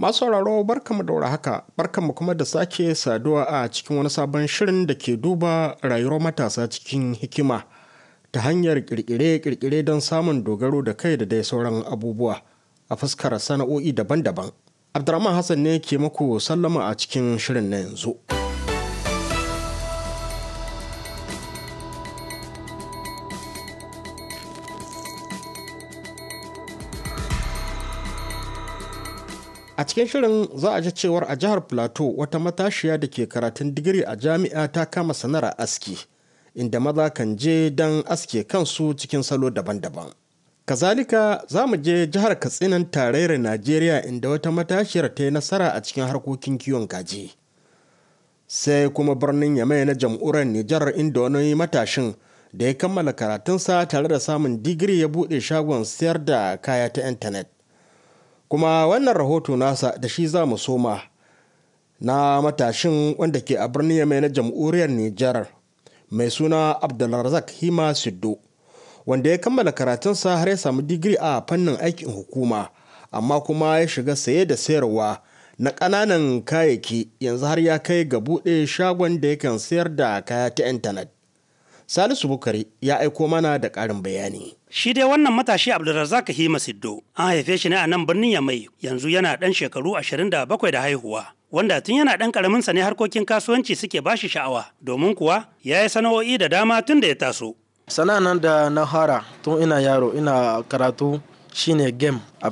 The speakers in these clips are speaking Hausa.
Masu sauraro barkamu da haka barkamu kuma da sake saduwa a cikin wani sabon shirin da ke duba rayuwar matasa cikin hikima ta hanyar kirkire-kirkire don samun dogaro da kai da dai sauran abubuwa a fuskar sana'o'i daban-daban. Abdurrahman Hassan ne ke muku sallama a cikin shirin na yanzu. A cikin shirin za a ji cewar a jihar Plateau wata matashiya da ke karatun digiri a jami'a ta kama sanara aski, inda maza kan je don aske kansu cikin salo daban-daban. Kazalika za mu je jihar Katsinan tarayyar Najeriya inda wata matashiyar ta yi nasara a cikin harkokin kiwon kaji. Sai kuma birnin Yamai na jam'urar Nijar inda wani matashin da ya kammala karatunsa tare da samun digiri ya buɗe shagon sayar da kaya ta intanet. kuma wannan rahoto nasa da shi za mu soma na matashin wanda ke a birnin yamai na jamhuriyar nijar mai suna abdulrazak hima siddo wanda ya kammala karatunsa har ya samu digiri a fannin aikin hukuma amma kuma ya shiga saye da sayarwa na ƙananan kayayyaki yanzu har ya kai ga buɗe shagon da yakan sayar da kaya ta intanet Salisu Bukari ya aiko mana da ƙarin bayani. Shi dai wannan matashi Abdulrazak Hima Siddo an haife shi ne a nan birnin Yamai yanzu yana ɗan shekaru 27 da haihuwa. Wanda tun yana ɗan ƙaramin sa ne harkokin kasuwanci suke bashi sha'awa domin kuwa ya yi sana'o'i da dama tun da ya taso. Sana'an da na fara tun ina yaro ina karatu shine game a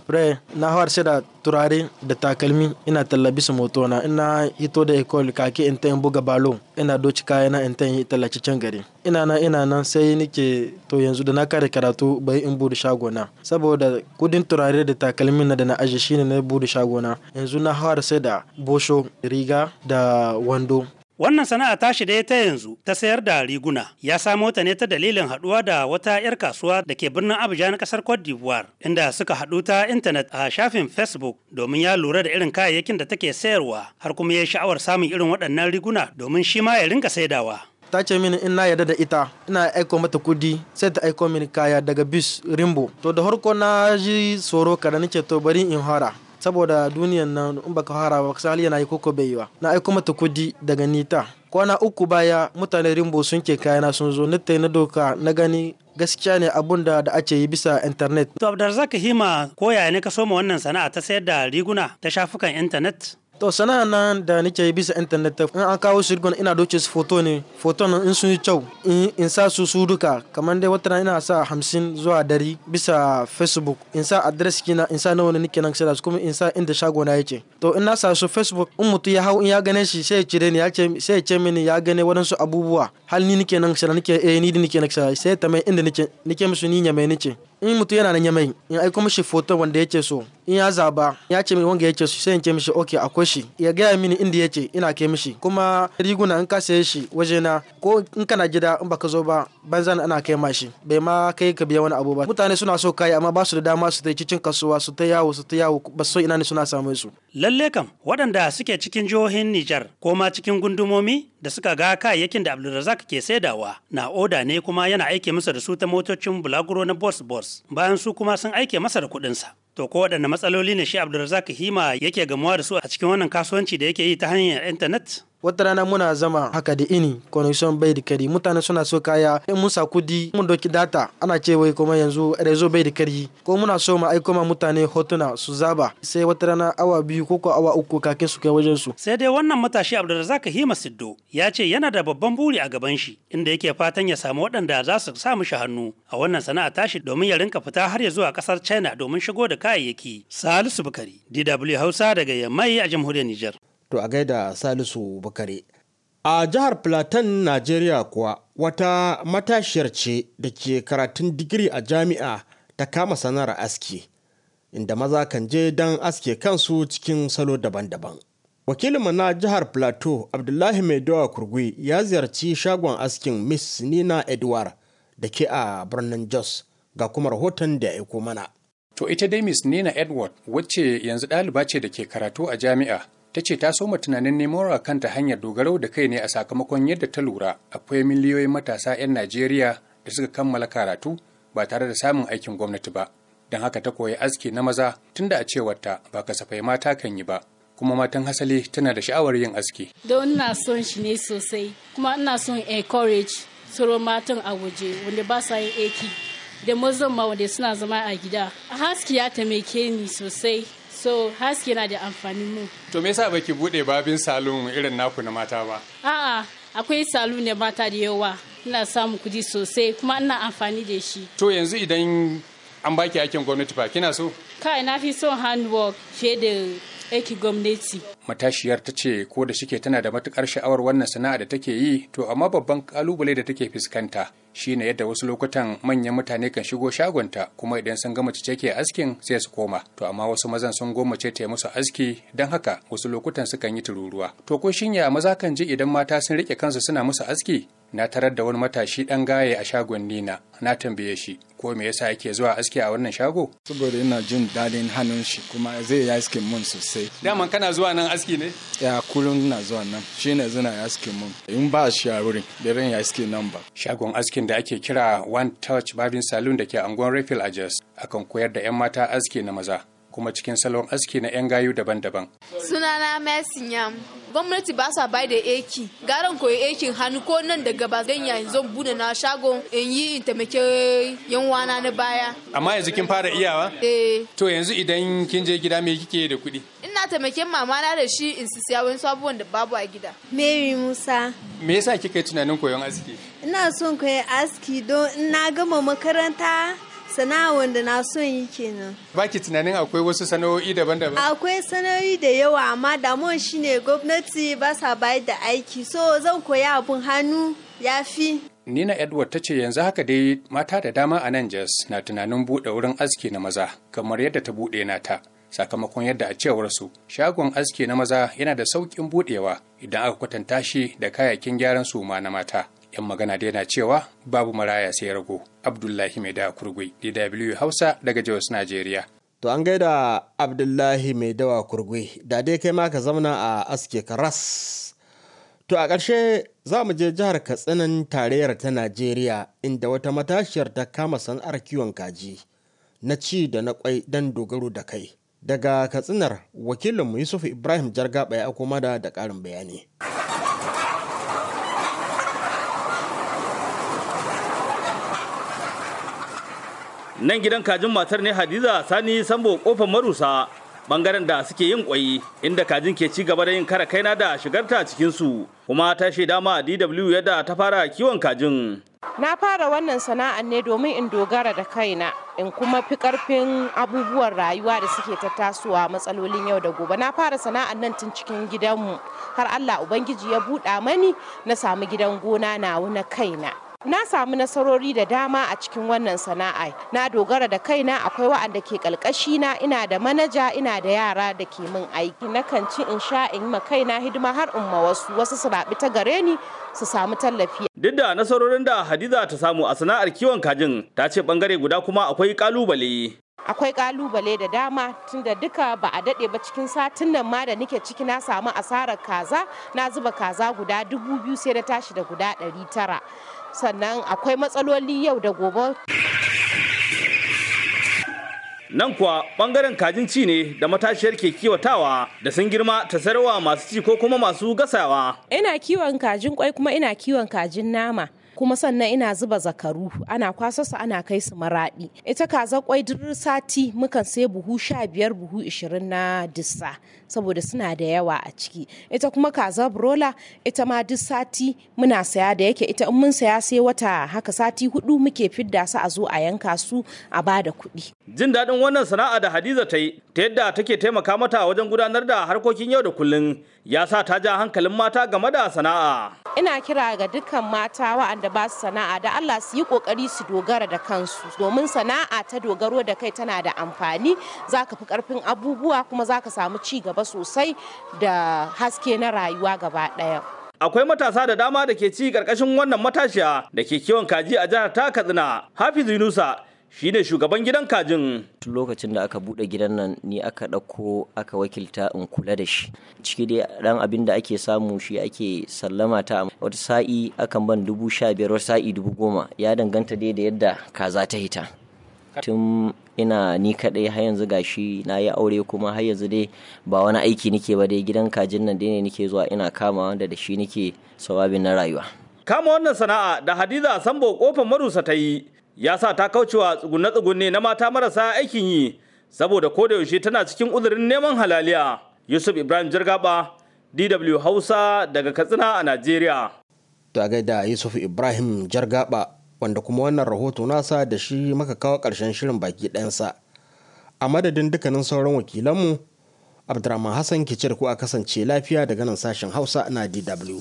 na sai da turare da takalmi ina tallabi su na. ina hito da ecole kake in ta buga balo ina doci kayana in ta yi tallaci can gari ina na ina nan sai nike to yanzu da na kare karatu bai in bude shagona saboda kudin turare da takalmi na da na aje shine na bude shagona yanzu na har sai da bosho riga da wando Wannan sana'a ta da ta yanzu ta sayar da riguna ya samo ta ne ta dalilin haɗuwa da wata 'yar kasuwa da ke birnin Abuja na kasar Cote d'Ivoire inda suka haɗu ta intanet a shafin Facebook domin ya lura da irin kayayyakin da take sayarwa har kuma ya sha'awar samun irin waɗannan riguna domin shi ma ya rinka saidawa. ta ce mini in na yarda da ita ina aiko mata kudi sai ta aiko mini kaya daga bis rimbo to da harko na ji tsoro kada nake to bari in hara saboda duniyan nan in baka fara ba hali yana yi koko bai yi na aiko mata kudi daga nita kwana uku baya mutane rimbo sun ke kayana sun zo na na doka na gani gaskiya ne abun da da ake yi bisa internet to abdarzak hima koya ne ka soma wannan sana'a ta sayar da riguna ta shafukan intanet. to sana'a nan da nake bisa internet in an kawo shirgon ina doke su foto ne foto nan in sun yi kyau in sa su su duka kamar dai wata ina sa hamsin zuwa dari bisa facebook in sa adres kina in sa nawa ne nake nan sai su kuma in sa inda shago na yake to in na sa su facebook in mutu ya hau in ya gane shi sai ya cire ni ya ce sai ya ce mini ya gane wadansu abubuwa hal ni nake nan sai nake eh ni da nake nan sai ta mai inda nake nake musu ni nya mai nake in mutum yana nan yamai in aiko mishi foto wanda yake so in ya zaba ya ce mini wanga yake so sai in ce mishi ok akwai shi ya gaya mini inda yake ina kai mishi kuma riguna in ka saye shi na ko in kana gida in baka zo ba banzan ana kai mashi bai ma kai ka biya wani abu ba mutane suna so kai amma ba su da dama su ta cikin kasuwa su ta yawo su ta yawo ba so ina ne suna samun su lalle kam waɗanda suke cikin jihohin Nijar ko ma cikin gundumomi da suka ga kayayyakin da Abdulrazak ke saidawa na oda ne kuma yana aike masa da su ta motocin bulaguro na bus bus bayan su kuma sun aike masa da kuɗinsa to ko waɗanne matsaloli ne shi Abdulrazak Hima yake gamuwa da su a cikin wannan kasuwanci da yake yi ta hanyar intanet wata rana muna zama haka da ini connection bai da kari mutane suna so kaya in mun sa kudi mun doki data ana ce wai kuma yanzu rezo bai da kari ko muna so mu aiko ma mutane hotuna su zaba sai wata rana awa biyu ko ko awa uku kakin su kai wajen su sai dai wannan matashi Abdulrazak Hima Siddo ya ce yana da babban buri a gaban shi inda yake fatan ya samu waɗanda za su sa mishi hannu a wannan sana'a tashi domin ya rinka fita har ya zuwa kasar China domin shigo da kayayyaki Salisu Bukari DW Hausa daga Yamai a jamhuriyar Nijar To a gaida Salisu Bakare. A jihar Plateau, Najeriya kuwa wata matashiyar ce da ke karatun digiri a jami'a ta kama sanar aski, inda maza kan je don aske kansu cikin salo daban-daban. Wakilinmu na jihar Plateau, Abdullahi Maidowa Kurgui ya ziyarci shagon askin Miss Nina Edward da ke a birnin Jos ga kuma rahoton da ya aiko mana. To ita dai Miss Nina Edward wacce yanzu ɗaliba ce da ke karatu a jami'a ta ce ta soma tunanin neman wa kanta hanyar dogaro da kai ne a sakamakon yadda ta lura akwai miliyoyin matasa 'yan najeriya da suka kammala karatu ba tare da samun aikin gwamnati ba don haka ta koyi aski na maza tunda a cewarta ba kasafai mata kan yi ba kuma matan hasali tana da sha'awar yin aski. Don ina son shi ne sosai kuma ina son encourage soro matan a waje wanda ba sa yin aiki da mazan ma wanda suna zama a gida. a Haski ya taimake ni sosai so haske na da amfani mu to me yasa baki bude babin salon irin naku na mata ba a'a akwai salon ne mata da yawa ina samu kuɗi sosai kuma ina amfani da shi to yanzu idan an baki aikin gwamnati ba kina so kai na fi son handwork fiye da aiki gwamnati. Matashiyar ta ce ko da shike tana da matukar sha'awar wannan sana'a da take yi to amma babban kalubale da take fuskanta shine yadda wasu lokutan manyan mutane kan shigo shagonta kuma idan sun ga mace ke askin sai su koma to amma wasu mazan sun ce ta yi musu aski don haka wasu lokutan sukan yi tururuwa to ko shinya maza kan ji idan mata sun rike kansu suna musu aski na tarar da wani matashi dan gaye a shagon nina na tambaye shi ko me yasa yake zuwa aski a wannan shago saboda ina jin dadin hannun shi kuma zai yi askin mun sosai dama kana zuwa nan aski ne ya kullum na zuwa nan shi ne zina ya askin mun in ba shi a wurin birin ya aski nan ba shagon askin da ake kira one touch babin saloon da ke anguwan refill a jos akan koyar da 'yan mata aski na maza kuma cikin salon aski na 'yan gayu daban-daban. Sunana Mercy Yam. Gwamnati ba sa bai da aiki. Garan koyi aikin hannu ko nan da gaba zan yi zan bude na shago in yi in taimake yan wana na baya. Amma yanzu kin fara iyawa? Eh. To yanzu idan kin je gida me kike da kuɗi? Ina taimake mama na da shi in siya wani sabuwan da babu a gida. Mary Musa. Me yasa kika yi tunanin koyon aski? Ina son koyi aski don na gama makaranta sana'ar da na son yi kenan. Baki tunanin akwai wasu sana'o'i daban-daban? Akwai sana'o'i da yawa amma damuwar ne gwamnati ba sa bayar da aiki so zan koya abin hannu ya fi. Nina Edward ta ce yanzu haka dai mata da dama a nan Jos na tunanin buɗe wurin aski na maza kamar yadda ta buɗe nata. Sakamakon yadda a cewar su shagon aski na maza yana da sauƙin buɗewa idan aka kwatanta shi da kayayyakin gyaran su ma na mata. 'yan magana da yana cewa babu maraya sai rago abdullahi mai da kurgui dw hausa daga jos najeriya to an gaida abdullahi mai dawa kurgui da dai kai ma ka zauna a aske karas to a ƙarshe za mu je jihar katsinan tarayyar ta najeriya inda wata matashiyar ta kama sana'ar kiwon kaji na ci da na kwai don dogaro da kai daga katsinar wakilinmu yusuf ibrahim jargaba ya koma da ƙarin bayani nan gidan kajin matar ne hadiza sani sambo kofar marusa bangaren da suke yin kwai inda kajin ke ci gaba da yin kara kaina da shigarta cikinsu kuma ta shaida ma dw yadda ta fara kiwon kajin na fara wannan sana'ar ne domin in dogara da kaina in kuma fi karfin abubuwan rayuwa da suke ta tasowa matsalolin yau da gobe na fara sana'ar nan tun cikin gidanmu har allah ubangiji ya buɗa mani na samu gidan gona nawa na kaina Na samu nasarori da dama a cikin wannan sana'a. Na dogara da kaina akwai wa'anda ke kalkashi na ina da manaja ina da yara da ke min aiki. Nakan ci in sha in ma kaina hidima har in ma wasu wasu su raɓi ta gare ni su samu tallafi. Duk da nasarorin da Hadiza ta samu a sana'ar kiwon kajin ta ce bangare guda kuma akwai kalubale. akwai kalubale da dama tunda duka ba a daɗe ba cikin satin nan ma da nake ciki na samu asarar kaza na zuba kaza guda dubu biyu sai na tashi da guda ɗari tara sannan akwai matsaloli yau da gobe nan kuwa bangaren kajin ci ne da matashiyar ke kiwatawa da sun girma ta sarwa masu ci ko kuma masu gasawa ina kiwon kajin kwai kuma ina kiwon kajin nama kuma sannan ina zuba zakaru ana kwasa su ana kai su maraɗi ita kaza kwai duk sati mukan sai buhu sha biyar buhu ishirin na dissa saboda suna da yawa a ciki ita kuma kaza brola ita ma duk sati muna saya da yake ita in mun saya sai wata haka sati hudu muke fidda su a zo a yanka su a ba da kuɗi. Jin daɗin wannan sana'a da Hadiza ta yi ta yadda take taimaka mata wajen gudanar da harkokin yau da kullum ya sa ta ja hankalin mata game da sana'a. Ina kira ga dukkan mata wa'anda da ba su sana'a da Allah su yi kokari su dogara da kansu domin sana'a ta dogaro da kai tana da amfani za ka fi karfin abubuwa kuma za ka samu ci gaba sosai da haske na rayuwa gaba ɗaya. akwai matasa da dama da ke ci karkashin wannan matashiya da ke kiwon kaji a jihar ta katsina hafizu yunusa shine shugaban gidan kajin tun lokacin da aka bude gidan nan ni aka ɗauko aka wakilta in kula da shi ciki dai dan abin da ake samu shi ake sallama ta wata sa'i akan ban dubu sha biyar wata sa'i dubu goma ya danganta dai da yadda kaza ta hita tun ina ni kaɗai har yanzu gashi na yi aure kuma har yanzu dai ba wani aiki nike ba dai gidan kajin nan dai ne nike zuwa ina kama wanda da shi nike sawabin na rayuwa kama wannan sana'a da hadiza sambo kofar marusa ta yi ya sa ta kaucewa tsugunne-tsugunne na mata marasa aikin yi saboda ko da yaushe tana cikin uzurin neman halaliya yusuf ibrahim jirgaba dw hausa daga katsina a najeriya ta gaida yusuf ibrahim jargaba wanda kuma wannan rahoto nasa da shi maka kawo karshen shirin baki ɗayansa a madadin dukkanin sauran wakilanmu abdurrahman hassan ke ku a kasance lafiya daga nan sashen hausa na dw